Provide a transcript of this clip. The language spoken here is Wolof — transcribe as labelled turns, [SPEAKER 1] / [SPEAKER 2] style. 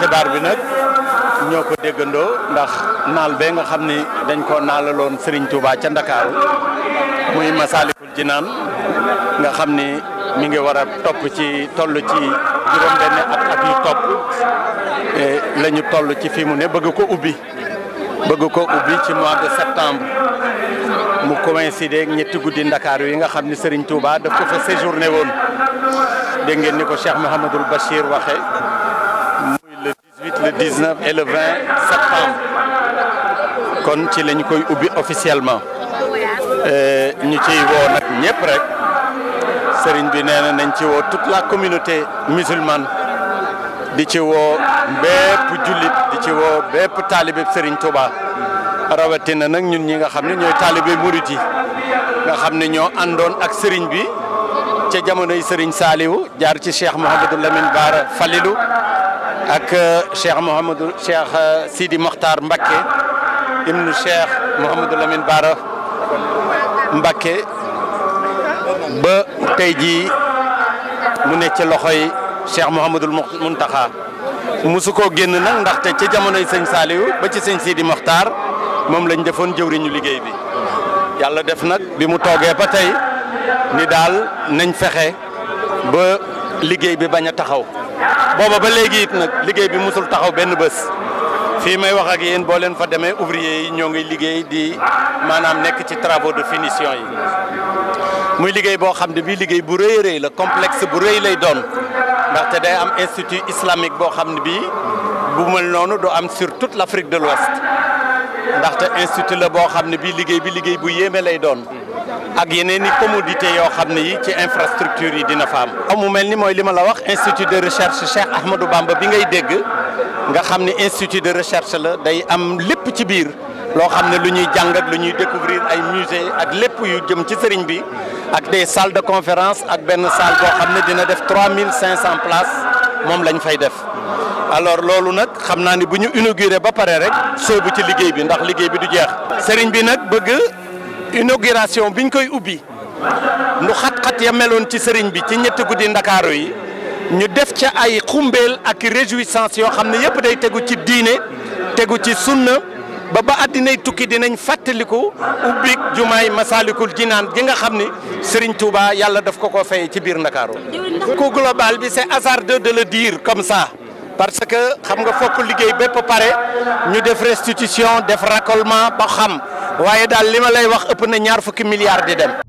[SPEAKER 1] xibaar bi nag ñoo ko déggandoo ndax naal be nga xam ni dañ ko naalaloon sëriñ Touba ca Ndakaaru muy Masaalikul Jinaan nga xam ni mu ngi war a topp ci toll ci juróom-benn at ak yu topp e, la toll ci fi mu ne bëgg ko ubbi bëgg ko ubbi ci mois de septembre mu coïncider ak ñetti guddi ndakaar yi nga xam ni sëriñ Touba daf ko fa séjourné woon dégg ngeen ni ko Cheikh Mouhamadul Bachir waxe 19 et le 20 kon ci lañ koy ubbi officiellement euh, ñu ciy woo nag ñëpp rek sëriñ bi nee na nañ ci woo toute la communauté musulmane di ci woo bépp jullit di ci woo bépp taalibe sëriñ Touba rawatina nag ñun ñi nga xam ne ñooy taalibee murit yi nga xam ne ñoo àndoon ak sëriñ bi ca jamonoy sëriñ Saliou jaar ci Cheikh Mouhamadou Lamine Bara Falilou ak euh, Cheikh Mouhamadou Cheikh euh, Sidi Mokhtar Mbacké ibnu Cheikh Mouhamadou Lamine Bara Mbacké ba tey jii mu nekk ci loxoy Cheikh Mouhamadul Mountakha mosu koo génn nag ndaxte ci jamonoy sëñ Saliou ba ci sëñ Sidi Mokhtar moom lañ defoon jëwriñu liggéey bi yàlla def nag bi mu toogee ba tey ni daal nañ fexe ba liggéey bi bañ a taxaw booba ba léegi it nag liggéey bi musul taxaw benn bés fii may wax ak yéen boo leen fa demee ouvrier yi ñoo ngiy liggéey di maanaam nekk ci travaux de finition yi muy liggéey boo xam ne bii liggéey bu rëy rëy la complexe bu rëy lay doon ndaxte day am institut islamique boo xam ne bii bu mel noonu du am sur toute l'Afrique de l'Ouest ndaxte institut la boo xam ne bii liggéey bi liggéey bu yéeme lay doon ak yeneen i commodité yoo xam ne yi ci infrastructure yi dina fa am. comme mu mel ni mooy li ma la wax institut de recherche Cheikh Ahmadou Bamba bi ngay dégg nga xam ne institut de recherche la day am lépp ci biir loo xam ne lu ñuy jàngat lu ñuy découvrir ay musée ak lépp yu jëm ci sëriñ bi ak des salles de conférence ak benn salle boo xam ne dina def cinq 3500 place moom lañ fay def alors loolu nag xam naa ni bu ñu inauguré ba pare rek soobu ci liggéey bi ndax liggéey bi du jeex. sëriñ bi nag bëgg inauguration biñ koy ubbi nu xat-xat ya meloon ci sëriñ bi ci ñetti guddi ndakaaru yi ñu def ca ay xumbeel ak réjouissance yoo xam ne yëpp day tegu ci diine tegu ci sunna ba ba àddinay tukki dinañ fàttaliku ubbi jumaay Masaalikul Jinaan gi nga xam ni Serigne Touba yàlla daf ko ko fay ci biir Ndakaaru. ku global bi c'est hasardeux de le dire comme ça. parce que xam nga fokk liggéey bépp pare ñu def restitution def raccordement ba xam waaye daal li ma lay wax ëpp na ñaar fukki milliards di dem.